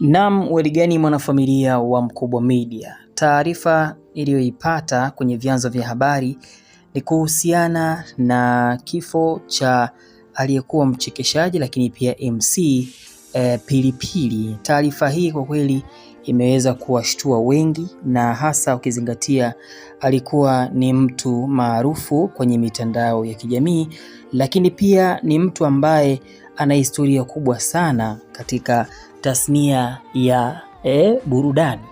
Naam, weligani mwanafamilia wa Mkubwa Media, taarifa iliyoipata kwenye vyanzo vya habari ni kuhusiana na kifo cha aliyekuwa mchekeshaji lakini pia MC e, eh, Pilipili. Taarifa hii kwa kweli imeweza kuwashtua wengi na hasa ukizingatia alikuwa ni mtu maarufu kwenye mitandao ya kijamii, lakini pia ni mtu ambaye ana historia kubwa sana katika tasnia ya e, burudani.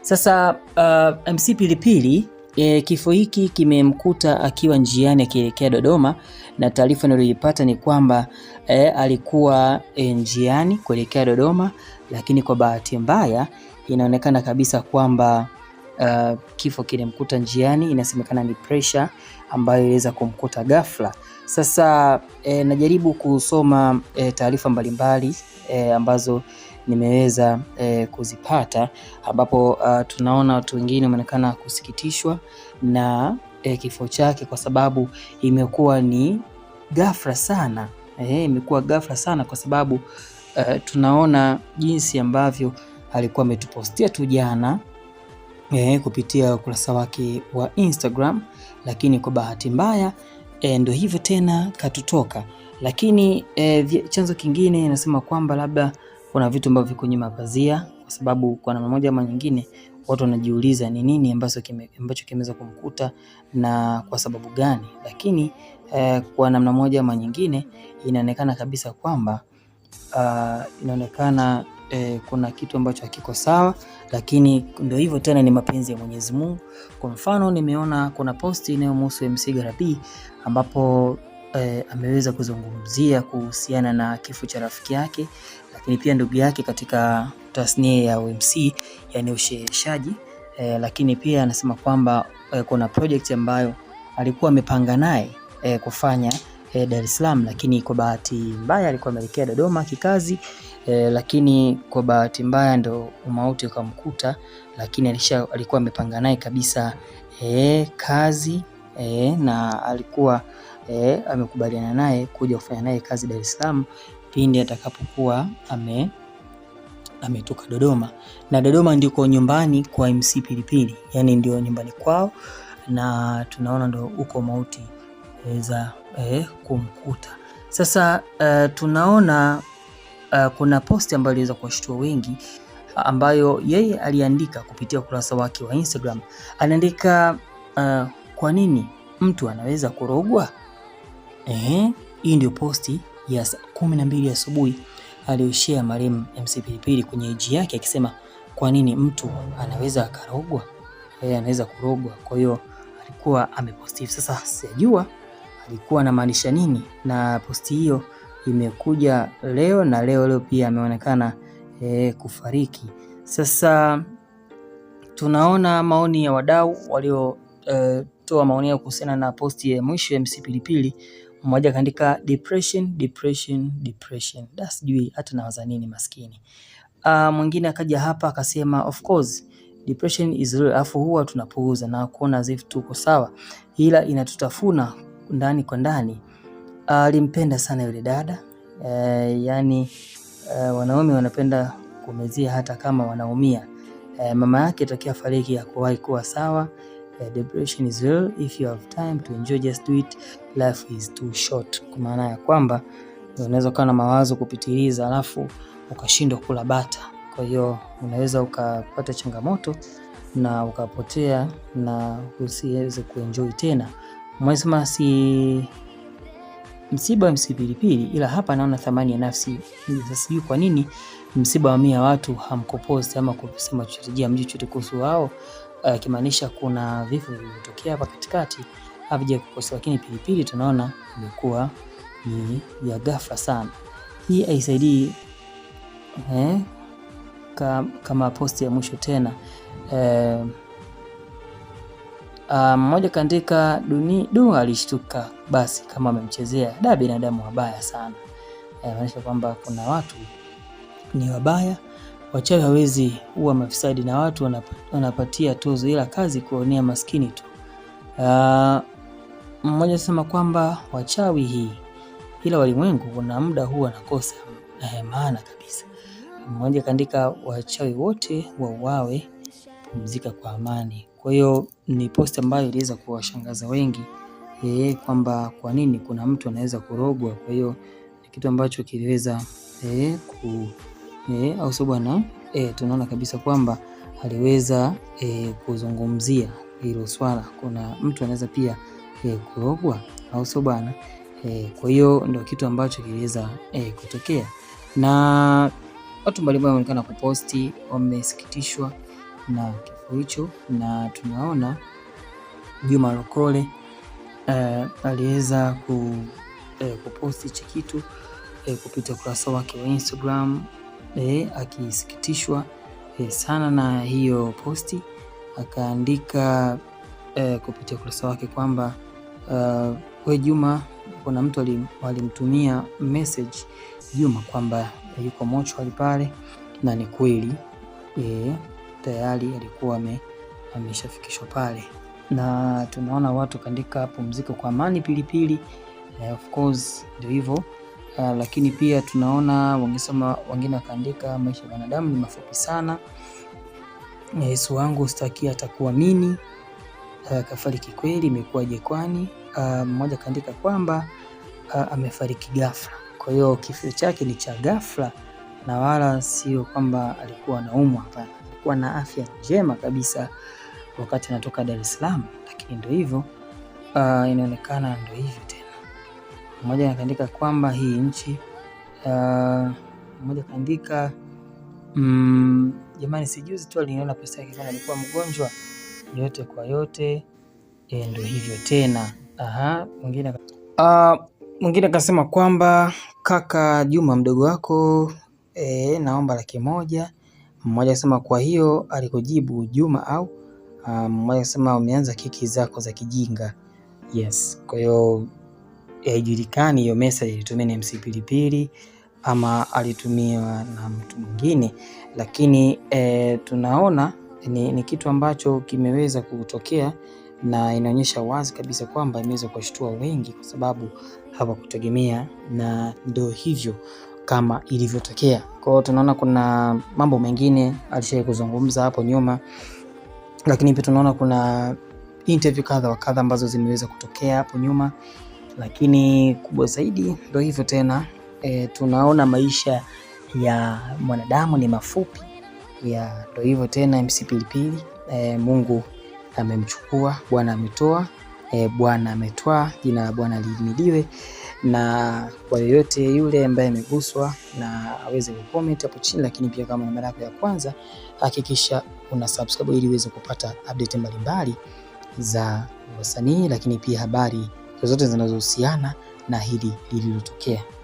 Sasa uh, MC Pilipili e, kifo hiki kimemkuta akiwa njiani akielekea Dodoma, na taarifa niliyoipata ni kwamba e, alikuwa e, njiani kuelekea Dodoma, lakini kwa bahati mbaya inaonekana kabisa kwamba uh, kifo kilimkuta njiani. Inasemekana ni pressure ambayo iliweza kumkuta ghafla. Sasa eh, najaribu kusoma eh, taarifa mbalimbali eh, ambazo nimeweza eh, kuzipata ambapo uh, tunaona watu wengine wameonekana kusikitishwa na eh, kifo chake kwa sababu imekuwa ni ghafla sana eh, imekuwa ghafla sana kwa sababu uh, tunaona jinsi ambavyo alikuwa ametupostia tu jana eh, kupitia ukurasa wake wa Instagram, lakini kwa bahati mbaya eh, ndo hivyo tena katutoka. Lakini eh, chanzo kingine inasema kwamba labda kuna vitu ambavyo viko nyuma pazia, kwa sababu kwa namna moja ama nyingine watu wanajiuliza ni nini ambacho kime, ambacho kimeweza kumkuta na kwa sababu gani, lakini eh, kwa namna moja ama nyingine inaonekana kabisa kwamba uh, inaonekana eh, kuna kitu ambacho hakiko sawa, lakini ndio hivyo tena, ni mapenzi ya Mwenyezi Mungu. Kwa mfano, nimeona kuna posti inayomhusu MC Garabi ambapo eh, ameweza kuzungumzia kuhusiana na kifo cha rafiki yake, lakini pia ndugu yake katika tasnia ya UMC, yani usheshaji eh, lakini pia anasema kwamba eh, kuna project ambayo alikuwa amepanga naye eh, kufanya eh, Dar es Salaam, lakini kwa bahati mbaya alikuwa ameelekea Dodoma kikazi e, lakini kwa bahati mbaya ndo umauti ukamkuta, lakini alisha, alikuwa amepanga naye kabisa e, kazi e, na alikuwa eh, amekubaliana naye kuja kufanya naye kazi Dar es Salaam pindi atakapokuwa ame ametoka Dodoma na Dodoma ndiko nyumbani kwa MC Pilipili, yani ndio nyumbani kwao, na tunaona ndo uko mauti weza eh, kumkuta sasa. Uh, tunaona uh, kuna posti ambayo iliweza kuwashtua wengi ambayo yeye aliandika kupitia ukurasa wake wa Instagram. Anaandika uh, kwa nini mtu anaweza kurogwa? Ehe, hii ndio posti ya saa 12 asubuhi aliyoshare marehemu MC Pilipili kwenye IG yake akisema kwa nini mtu anaweza akarogwa? Eh, anaweza kurogwa. Kwa hiyo alikuwa ameposti sasa, sijajua alikuwa anamaanisha nini na posti hiyo imekuja leo na leo leo pia ameonekana e, kufariki. Sasa tunaona maoni ya wadau waliotoa eh, e, maoni yao kuhusiana na posti ya mwisho ya MC Pilipili mmoja kaandika depression depression depression, da sijui hata nawaza nini maskini. Uh, mwingine akaja hapa akasema of course depression is real, afu huwa tunapuuza na kuona as if tuko sawa, ila inatutafuna ndani kwa ndani. Ah, alimpenda uh, sana yule dada uh, yani uh, wanaume wanapenda kumezia hata kama wanaumia. Uh, mama yake takia fariki hakuwahi kuwa sawa. Uh, depression is real if you have time to enjoy just do it life is too short. Kwa maana ya kwamba unaweza ukawa na mawazo kupitiliza alafu ukashindwa kula bata, kwa hiyo unaweza ukapata changamoto na ukapotea na usiweze kuenjoy tena. Mwasema si msiba msipilipili, ila hapa naona thamani ya nafsi. Sijui kwa nini msiba wa mia watu hamkuposti ama kusema chochote, mji chochote kuhusu wao? akimaanisha eh, uh, kuna vifo vilivyotokea hapa katikati kukosa, lakini pilipili tunaona imekuwa ni ya ghafla sana. Hii haisaidii eh, kama posti ya mwisho tena eh, ah, mmoja kaandika duni du alishtuka basi kama amemchezea da binadamu wabaya sana. Inamaanisha eh, kwamba kuna watu ni wabaya Wachawi hawezi huwa mafisadi na watu wanapatia tozo, ila kazi kuonea maskini tu. Uh, mmoja sema kwamba wachawi hii, ila walimwengu kuna muda huwa nakosa na maana kabisa. Mmoja kaandika wachawi wote wauawe, pumzika kwa amani. Kwa hiyo ni post ambayo iliweza kuwashangaza wengi eh, kwamba kwa nini kuna mtu anaweza kurogwa. Kwa hiyo ni kitu ambacho kiliweza eh, ku e, au sio bwana e, tunaona kabisa kwamba aliweza e, kuzungumzia hilo swala. Kuna mtu anaweza pia e, kurogwa au sio bwana e, kwa hiyo ndio kitu ambacho kiliweza e, kutokea na watu mbalimbali wanaonekana kuposti wamesikitishwa na kifo hicho, na tunaona Juma Lokole eh, aliweza ku, eh, kuposti hichi kitu eh, kupitia ukurasa wake wa Instagram eh, akisikitishwa eh, sana na hiyo posti akaandika eh, kupitia ukurasa wake kwamba uh, we Juma, kuna mtu alimtumia message Juma kwamba yuko mochwali pale, na ni kweli eh, tayari alikuwa ameshafikishwa pale, na tunaona watu kaandika pumziko kwa amani pilipili. Eh, of course ndio hivyo uh, lakini pia tunaona wangesema wengine wakaandika maisha ya wanadamu ni mafupi sana, Yesu wangu sitaki atakuwa nini? Uh, kafariki kweli, imekuwaje kwani? Uh, ah, mmoja akaandika kwamba uh, amefariki ghafla, kwa hiyo kifo chake ni cha ghafla na wala sio kwamba alikuwa anaumwa. Hapana, alikuwa na afya njema kabisa wakati anatoka Dar es Salaam, lakini ndio hivyo uh, inaonekana ndio hivyo mmoja akaandika kwamba hii nchi ah, mmoja uh, akaandika mm, jamani, sijuzi tu aliniona pesa yake kama alikuwa mgonjwa. Yote kwa yote e, ndio hivyo tena. Aha, mwingine uh, mwingine akasema kwamba kaka Juma mdogo wako e, naomba laki moja. Mmoja akasema kwa hiyo alikujibu Juma au? Ah, mmoja um, akasema umeanza kiki zako za kijinga. Yes, kwa hiyo haijulikani hiyo message ilitumia ni MC Pilipili ama alitumiwa na mtu mwingine, lakini e, tunaona ni, ni kitu ambacho kimeweza kutokea na inaonyesha wazi kabisa kwamba imeweza kuwashtua wengi, kwa sababu hawakutegemea na ndio hivyo kama ilivyotokea. Kwa hiyo tunaona kuna mambo mengine alishai kuzungumza hapo nyuma, lakini pia tunaona kuna interview kadha wa kadha ambazo zimeweza kutokea hapo nyuma lakini kubwa zaidi ndo hivyo tena e, tunaona maisha ya mwanadamu ni mafupi ya ndo hivyo tena MC Pilipili e, Mungu amemchukua, Bwana ametoa e, Bwana ametwaa, jina la Bwana lihimidiwe. Na kwa yoyote yule ambaye ameguswa na aweze kucomment hapo chini, lakini pia kama mara yako ya kwanza, hakikisha una subscribe ili uweze kupata update mbalimbali za wasanii, lakini pia habari zozote zinazohusiana na hili lililotokea.